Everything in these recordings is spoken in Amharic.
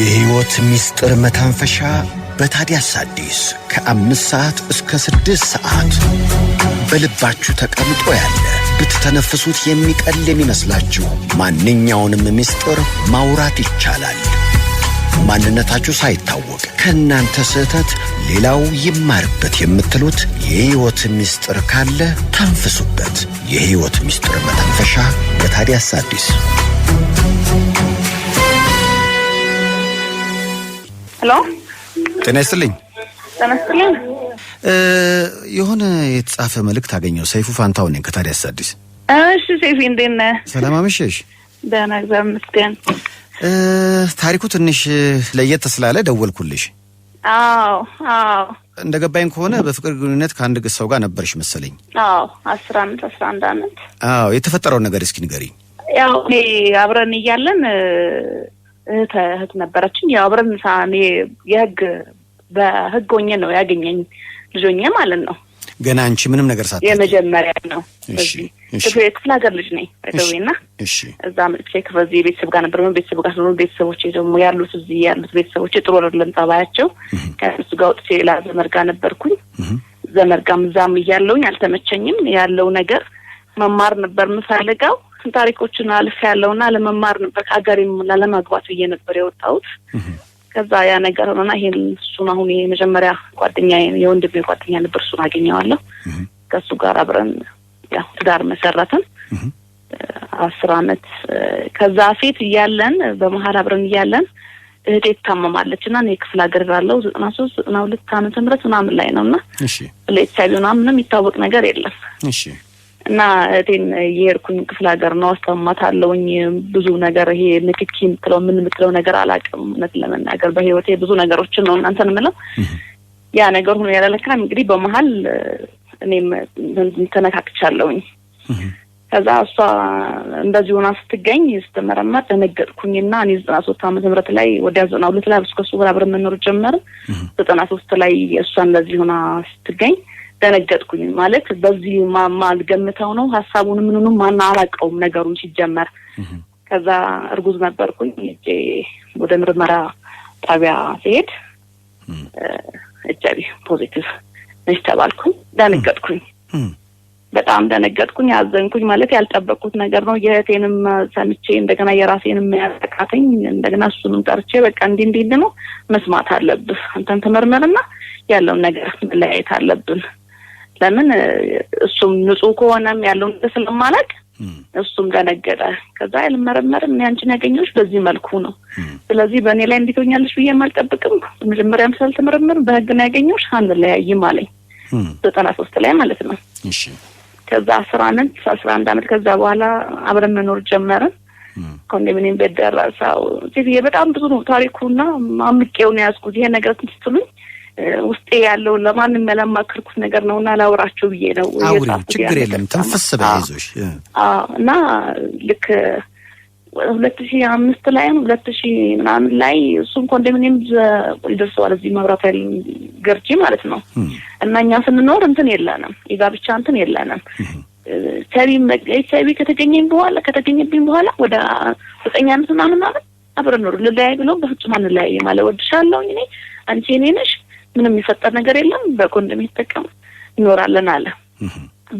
የሕይወት ምስጢር መታንፈሻ በታዲያስ አዲስ ከአምስት ሰዓት እስከ ስድስት ሰዓት በልባችሁ ተቀምጦ ያለ ብትተነፍሱት የሚቀል የሚመስላችሁ ማንኛውንም ምስጢር ማውራት ይቻላል። ማንነታችሁ ሳይታወቅ ከእናንተ ስህተት ሌላው ይማርበት የምትሉት የሕይወት ምስጢር ካለ ተንፍሱበት። የሕይወት ምስጢር መተንፈሻ በታዲያስ አዲስ ሄሎ፣ ጤና ይስጥልኝ። ጤና ይስጥልኝ። የሆነ የተጻፈ መልእክት አገኘው። ሰይፉ ፋንታው ነኝ ከታዲያስ አዲስ። እሺ ሰይፉ፣ እንዴት ነህ? ሰላም አመሸሽ። ደህና እግዚአብሔር ይመስገን። ታሪኩ ትንሽ ለየት ስላለ ደወልኩልሽ። አዎ አዎ። እንደገባኝ ከሆነ በፍቅር ግንኙነት ከአንድ ሰው ጋር ነበርሽ መሰለኝ። አዎ አስራ አመት አስራ አንድ አመት። አዎ የተፈጠረውን ነገር እስኪ ንገሪኝ። ያው እኔ አብረን እያለን እህት ነበረችን። ያው አብረን ሳ የህግ በህግ ሆኜ ነው ያገኘኝ ልጆኜ ማለት ነው። ገና አንቺ ምንም ነገር ሳት የመጀመሪያ ነው። ክፍለ ሀገር ልጅ ነኝ ና እዛ መጥቼ ከዚህ ቤተሰብ ጋር ነበር። ቤተሰብ ጋር ስለሆኑ ቤተሰቦቼ ደግሞ ያሉት እዚህ ያሉት ቤተሰቦቼ ጥሩ አይደለም ጸባያቸው። ከእሱ ጋር ወጥቼ ሌላ ዘመድ ጋር ነበርኩኝ። ዘመድ ጋርም እዛም እያለውኝ አልተመቸኝም። ያለው ነገር መማር ነበር የምፈልገው ስንት ታሪኮችን አልፍ ያለውና ለመማር ነበር ከሀገር ላለማግባት ብዬ ነበር የወጣሁት። ከዛ ያ ነገር ሆነና ይሄን እሱን አሁን የመጀመሪያ ጓደኛ የወንድሜ ጓደኛ ነበር፣ እሱን አገኘዋለሁ። ከእሱ ጋር አብረን ያው ትዳር መሰረትን አስር አመት። ከዛ ፊት እያለን በመሀል አብረን እያለን እህቴ ትታመማለች እና እኔ ክፍለ ሀገር ላለው ዘጠና ሶስት ዘጠና ሁለት አመተ ምህረት ምናምን ላይ ነው እና ለኤች አይቪ ምናምንም የሚታወቅ ነገር የለም። እሺ እና እቴን የሄድኩኝ ክፍለ ሀገር ነው አስተማማታለሁኝ። ብዙ ነገር ይሄ ንክኪ የምትለው ምን የምትለው ነገር አላውቅም። እውነት ለመናገር በህይወቴ ብዙ ነገሮችን ነው እናንተን ምለው ያ ነገር ሆኖ ያላለካም እንግዲህ በመሀል እኔም ተነካክቻለውኝ። ከዛ እሷ እንደዚህ ሆና ስትገኝ ስትመረመር ደነገጥኩኝና እኔ ዘጠና ሶስት አመት ምረት ላይ ወዲያ ዘጠና ሁለት ላይ ብስከሱ ብር አብረን መኖር ዘጠና ሶስት ላይ እሷ እንደዚህ ሆና ስትገኝ ደነገጥኩኝ። ማለት በዚህ ማልገምተው ነው ሀሳቡን ምንንም አናውቀውም ነገሩን ሲጀመር። ከዛ እርጉዝ ነበርኩኝ። እጄ ወደ ምርመራ ጣቢያ ሲሄድ ኤች አይ ቪ ፖዚቲቭ ነች ተባልኩኝ። ደነገጥኩኝ፣ በጣም ደነገጥኩኝ፣ አዘንኩኝ። ማለት ያልጠበቅኩት ነገር ነው። የእህቴንም ሰምቼ እንደገና የራሴንም ያጠቃተኝ እንደገና እሱንም ጠርቼ በቃ እንዲህ እንዲህ ነው መስማት አለብህ አንተን ተመርመርና ያለውን ነገር መለያየት አለብን ለምን እሱም ንጹህ ከሆነም ያለው ነገር ስለማላቅ እሱም ደነገጠ። ከዛ አልመረመርም እኔ አንቺን ያገኘሁሽ በዚህ መልኩ ነው፣ ስለዚህ በእኔ ላይ እንዲህ ትሆኛለሽ ብዬ አልጠብቅም። መጀመሪያም ስላልተመረመር በህግ ነው ያገኘሁሽ፣ አንለያይም አለኝ። ዘጠና ሶስት ላይ ማለት ነው። ከዛ አስራ አመት አስራ አንድ አመት ከዛ በኋላ አብረን መኖር ጀመርን። ኮንዶሚኒየም ቤት ደረሰው። በጣም ብዙ ነው ታሪኩና አምቄውን ያዝኩት ይሄ ነገር ስትሉኝ ውስጤ ያለውን ለማንም ያላማከርኩት ነገር ነው እና ላውራቸው ብዬ ነው። አውሪ፣ ችግር የለም ተንፈስ በይዞሽ እና ልክ ሁለት ሺ አምስት ላይም ሁለት ሺ ምናምን ላይ እሱም ኮንዶሚኒየም ይደርሰዋል እዚህ መብራት ያል ገርጂ ማለት ነው እና እኛ ስንኖር እንትን የለንም የጋብቻ እንትን የለንም። ሰቢ ከተገኘኝ በኋላ ከተገኘብኝ በኋላ ወደ ዘጠኝ አመት ምናምን ማለት አብረን ኖር ልለያይ ብሎ በፍጹም አንለያይም ማለት ወድሻለሁ እኔ አንቺ እኔ ነሽ ምንም የሚፈጠር ነገር የለም፣ በኮንዶም የተጠቀም እኖራለን አለ።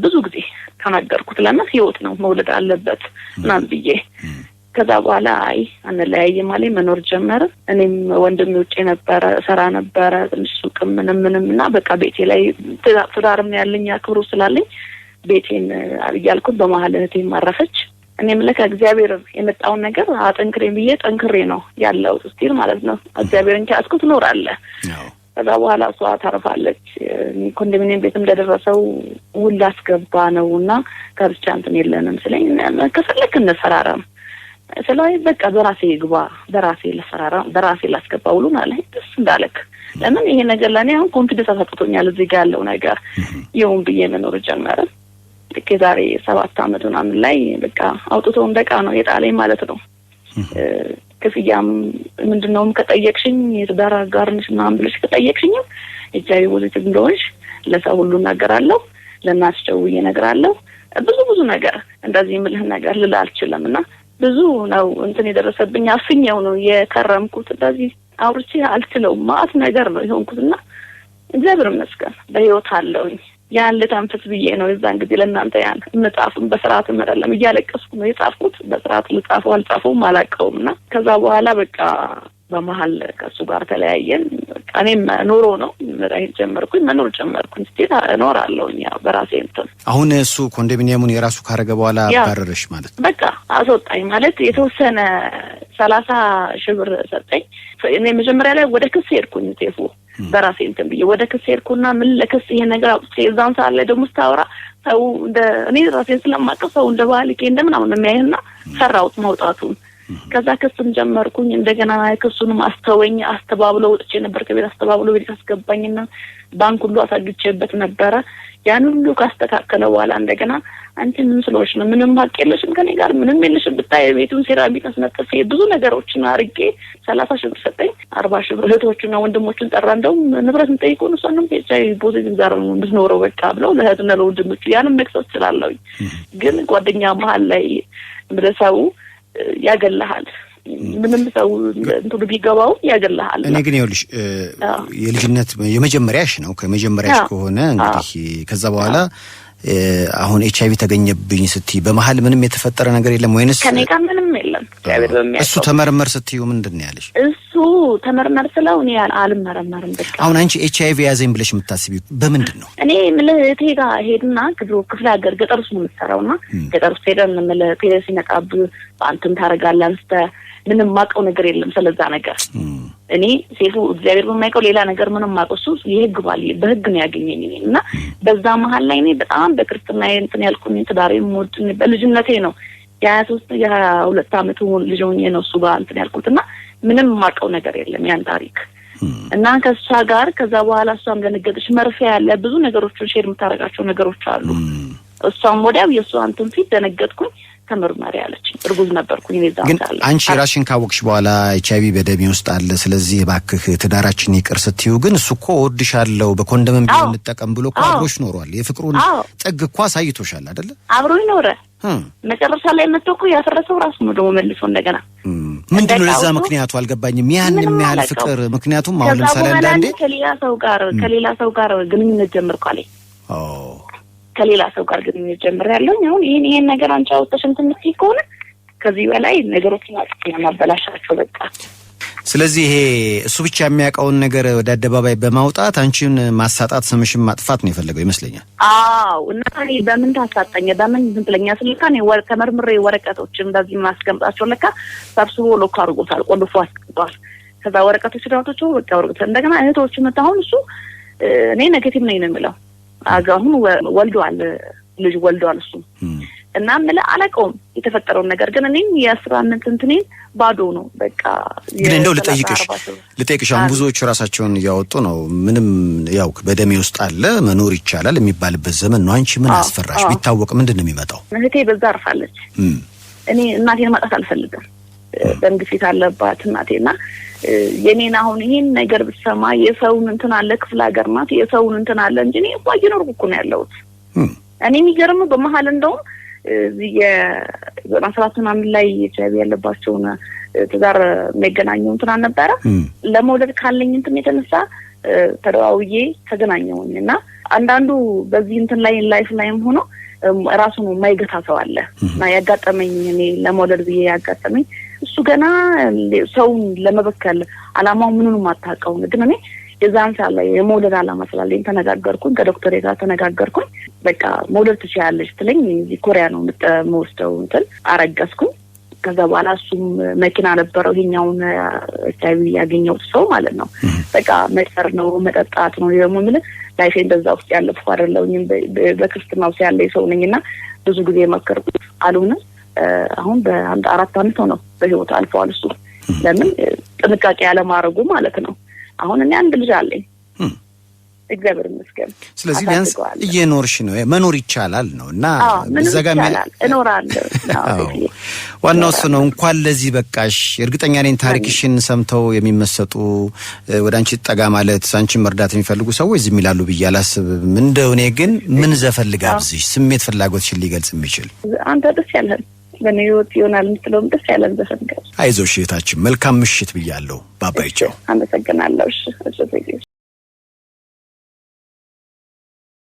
ብዙ ጊዜ ተናገርኩት። ለእናት ህይወት ነው መውለድ አለበት ምናምን ብዬ ከዛ በኋላ አይ አንለያይም አለኝ። መኖር ጀመርን። እኔም ወንድሜ ውጭ ነበረ ሰራ ነበረ ትንሽ ሱቅም ምንም ምንም እና በቃ ቤቴ ላይ ትዳርም ያለኝ አክብሮ ስላለኝ ቤቴን እያልኩን በመሀል እህቴ ማረፈች። እኔ ለካ እግዚአብሔር የመጣውን ነገር አጠንክሬ ብዬ ጠንክሬ ነው ያለው ስቲል ማለት ነው። እግዚአብሔርን ከያዝኩት ትኖራለህ ከዛ በኋላ እሷ ታርፋለች። ኮንዶሚኒየም ቤት እንደደረሰው ውል አስገባ ነው እና ጋብቻ እንትን የለንም ስለኝ ከፈለክ እንፈራረም ስላይ በቃ በራሴ ግባ በራሴ ልፈራራ በራሴ ላስገባ ውሉን አለኝ። ደስ እንዳለክ ለምን ይሄ ነገር ለእኔ አሁን ኮንፊደንስ አሳጥቶኛል። እዚህ ጋር ያለው ነገር ይሁን ብዬ መኖር ጀመረ። ልክ የዛሬ ሰባት አመት ምናምን ላይ በቃ አውጥቶ እንደቃ ነው የጣለኝ ማለት ነው። ክፍያም ምንድን ነውም ከጠየቅሽኝ የትዳር አጋርነሽ ምናምን ብለሽ ከጠየቅሽኝም ኤች አይቪ ፖዚቲቭ እንደሆንሽ ለሰው ሁሉ እናገራለሁ፣ ለእናትሽ ደውዬ እነግራለሁ። ብዙ ብዙ ነገር እንደዚህ የምልህ ነገር ልል አልችልም እና ብዙ ነው እንትን የደረሰብኝ አፍኛው ነው የከረምኩት። እንደዚህ አውርቼ አልችለውም። ማአት ነገር ነው የሆንኩት እና እግዚአብሔር ይመስገን በህይወት አለውኝ። ያን ልተንፍስ ብዬ ነው የዛን ጊዜ ለእናንተ ያን መጽሐፉን በስርዓት መጠለም እያለቀስኩ ነው የጻፍኩት። በስርዓት ልጻፈው አልጻፈውም አላውቀውም። እና ከዛ በኋላ በቃ በመሀል ከእሱ ጋር ተለያየን። በቃ እኔም ነው መድኃኒት ጀመርኩኝ፣ መኖር ጀመርኩኝ። ስቴት እኖራለሁኝ ያው በራሴ እንትን። አሁን እሱ ኮንዶሚኒየሙን የራሱ ካረገ በኋላ አባረረሽ ማለት በቃ አስወጣኝ ማለት የተወሰነ ሰላሳ ሺህ ብር ሰጠኝ። እኔ መጀመሪያ ላይ ወደ ክስ ሄድኩኝ ሴፉ በራሴ እንትን ብዬ ወደ ክስ ሄድኩና ምን ለክስ ይሄ ነገር አውጥቼ እዛን ሰዓት ላይ ደግሞ ስታወራ ሰው እንደ እኔ ራሴን ስለማቀፍ ሰው እንደ ባህልቄ እንደ ምናምን የሚያይህና ሰራውት መውጣቱን ከዛ ክስም ጀመርኩኝ። እንደገና ክሱንም አስተወኝ አስተባብሎ ወጥቼ ነበር ከቤት አስተባብሎ ቤት አስገባኝና ባንክ ሁሉ አሳግቼበት ነበረ። ያን ሁሉ ካስተካከለ በኋላ እንደገና አንቺ ምን ስለሆንሽ ነው? ምንም ሀቅ የለሽም ከኔ ጋር ምንም የለሽም ብታይ የቤቱን ሴራሚክ አስነጥፌ ብዙ ነገሮችን አርጌ ሰላሳ ሺህ ብር ሰጠኝ። አርባ ሺህ ብር እህቶቹና ወንድሞቹን ጠራ። እንደውም ንብረት ንጠይቁን እሷንም ቻይ ፖዚቲቭ ጋር እንድትኖረው በቃ ብለው ለእህትና ለወንድሞቹ ያንም መቅሰስ እችላለሁኝ። ግን ጓደኛ መሀል ላይ ምረሰቡ ያገልሃል ምንም ሰው እንትኑ ቢገባው ያገልሃል። እኔ ግን ይኸውልሽ የልጅነት የመጀመሪያሽ ነው። ከመጀመሪያሽ ከሆነ እንግዲህ ከዛ በኋላ አሁን ኤች አይቪ ተገኘብኝ ስትይ በመሀል ምንም የተፈጠረ ነገር የለም ወይንስ? ከኔ ጋር ምንም የለም። እሱ ተመርመር ስትዩ ምንድን ነው ያለሽ? እሱ ተመርመር ስለው እኔ አልመረመርም። በቃ አሁን አንቺ ኤች አይቪ ያዘኝ ብለሽ የምታስቢ በምንድን ነው? እኔ የምልህ እቴ ጋር ሄድና ክፍለ ሀገር ገጠር ውስጥ ነው የምትሰራው እና ገጠር ውስጥ ሄደን የምልህ ሲመጣብህ በአንተም ታደርጋለህ አንስተህ ምንም ማውቀው ነገር የለም ስለዛ ነገር እኔ ሴቱ እግዚአብሔር በማይቀው ሌላ ነገር ምንም ማቆሱ የህግ ባል በህግ ነው ያገኘኝ እኔ እና በዛ መሀል ላይ እኔ በጣም በክርስትና እንትን ያልኩኝ ትዳሬ ሞድን በልጅነቴ ነው የሀያ ሶስት የሀያ ሁለት አመቱ ልጅ ሆኜ ነው እሱ ጋር እንትን ያልኩት እና ምንም ማቀው ነገር የለም ያን ታሪክ hmm. እና ከእሷ ጋር ከዛ በኋላ እሷም ደነገጠች። መርፊያ ያለ ብዙ ነገሮችን ሼር የምታደርጋቸው ነገሮች አሉ። hmm. እሷም ወዲያው የእሷ አንትን ፊት ደነገጥኩኝ። ተመርመሪ ያለች። እርጉዝ ነበርኩኝ። ዛ ግን አንቺ ራሽን ካወቅሽ በኋላ ኤች አይቪ በደሜ ውስጥ አለ፣ ስለዚህ እባክህ ትዳራችን ይቅር ስትዩ ግን እሱ እኮ ወድሻለሁ በኮንደምን ቢሆን እንጠቀም ብሎ እኮ አብሮሽ ኖሯል። የፍቅሩን ጥግ እኮ አሳይቶሻል አደለ? አብሮ ይኖረ መጨረሻ ላይ መጥቶ እኮ ያፈረሰው ራሱ ነው ደግሞ መልሶ እንደገና ምንድን ነው ለዛ ምክንያቱ አልገባኝም። ያን የሚያህል ፍቅር ምክንያቱም አሁን ለምሳሌ አንዳንዴ ከሌላ ሰው ጋር ከሌላ ሰው ጋር ግንኙነት ጀምርኳለኝ ከሌላ ሰው ጋር ግንኙነት ጀምሬያለሁኝ። አሁን ይህን ይሄን ነገር አንቺ አውጥተሽ እንትን የምትይ ከሆነ ከዚህ በላይ ነገሮችን አውጥቼ ነው የማበላሻቸው በቃ። ስለዚህ ይሄ እሱ ብቻ የሚያውቀውን ነገር ወደ አደባባይ በማውጣት አንቺን ማሳጣት ስምሽን ማጥፋት ነው የፈለገው ይመስለኛል። አዎ እና እኔ በምን ታሳጣኝ በምን ዝም ብለኛ ስለካ እኔ ተመርምሬ ወረቀቶችን በዚህ ማስቀምጣቸው ለካ ሰብስቦ ሎክ አድርጎታል፣ ቆልፎ አስቀምጧል። ከዛ ወረቀቶች ዳቶች በቃ ወረቀት እንደገና እህቶች መታሁን እሱ እኔ ነገቲቭ ነኝ ነው የምለው አሁን ወልደዋል፣ ልጅ ወልደዋል። እሱም እና ምለ አላውቀውም የተፈጠረውን ነገር ግን እኔም የአስራ አምንት እንትኔን ባዶ ነው በቃ። ግን እንደው ልጠይቅሽ ልጠይቅሽ አሁን ብዙዎች ራሳቸውን እያወጡ ነው። ምንም ያው በደሜ ውስጥ አለ መኖር ይቻላል የሚባልበት ዘመን ነው። አንቺ ምን አስፈራሽ? ቢታወቅ ምንድን ነው የሚመጣው? እህቴ በዛ አርፋለች። እኔ እናቴን ማጣት አልፈልግም። ደም ግፊት አለባት እናቴ ና የኔን አሁን ይህን ነገር ብትሰማ የሰውን እንትን አለ ክፍለ ሀገር ናት የሰውን እንትን አለ እንጂ እኔ እንኳ እየኖርኩ እኮ ነው ያለሁት። እኔ የሚገርም በመሀል እንደውም የዘጠና ሰባት ምናምን ላይ ቻይቢ ያለባቸውን ትዳር የሚያገናኘው እንትን አልነበረ ለመውለድ ካለኝ እንትን የተነሳ ተደዋውዬ ተገናኘውኝ እና አንዳንዱ በዚህ እንትን ላይ ላይፍ ላይም ሆኖ ራሱን የማይገታ ሰው አለ እና ያጋጠመኝ እኔ ለመውለድ ብዬ ያጋጠመኝ እሱ ገና ሰውን ለመበከል አላማው ምኑንም አታውቀውም። ግን እኔ የዛን ሰዓት ላይ የመውለድ አላማ ስላለኝ ተነጋገርኩኝ፣ ከዶክተሬ ጋር ተነጋገርኩኝ። በቃ መውለድ ትችያለሽ ትለኝ፣ እዚህ ኮሪያ ነው የምወስደው እንትን አረገዝኩኝ። ከዛ በኋላ እሱም መኪና ነበረው ይሄኛውን ኤች አይ ቪ ያገኘው ሰው ማለት ነው። በቃ መጨር ነው መጠጣት ነው ደግሞ ምል ላይፌን በዛ ውስጥ ያለፍኩ አይደለሁኝም። ውስጥ ያለ ሰው ነኝ እና ብዙ ጊዜ መከርኩት አልሆነም። አሁን በአንድ አራት አመት ነው በህይወት አልፈዋል። እሱ ለምን ጥንቃቄ ያለማድረጉ ማለት ነው። አሁን እኔ አንድ ልጅ አለኝ እግዚአብሔር ይመስገን። ስለዚህ ቢያንስ እየኖርሽ ነው፣ መኖር ይቻላል ነው እና ዘጋ እኖራለሁ። ዋናው እሱ ነው። እንኳን ለዚህ በቃሽ። እርግጠኛ ነኝ ታሪክሽን ሰምተው የሚመሰጡ ወደ አንቺ ጠጋ ማለት አንቺን መርዳት የሚፈልጉ ሰዎች ዝም ይላሉ ብዬ አላስብም። እንደው እኔ ግን ምን ዘፈልግ አብዝሽ ስሜት ፍላጎትሽን ሊገልጽ የሚችል አንተ ደስ ያለህ በእኔ ህይወት ይሆናል የምትለውም ደስ ያለን ዘፈን ጋር አይዞሽ እህታችን መልካም ምሽት ብያለሁ። ባባይቸው አመሰግናለሁ። እሺ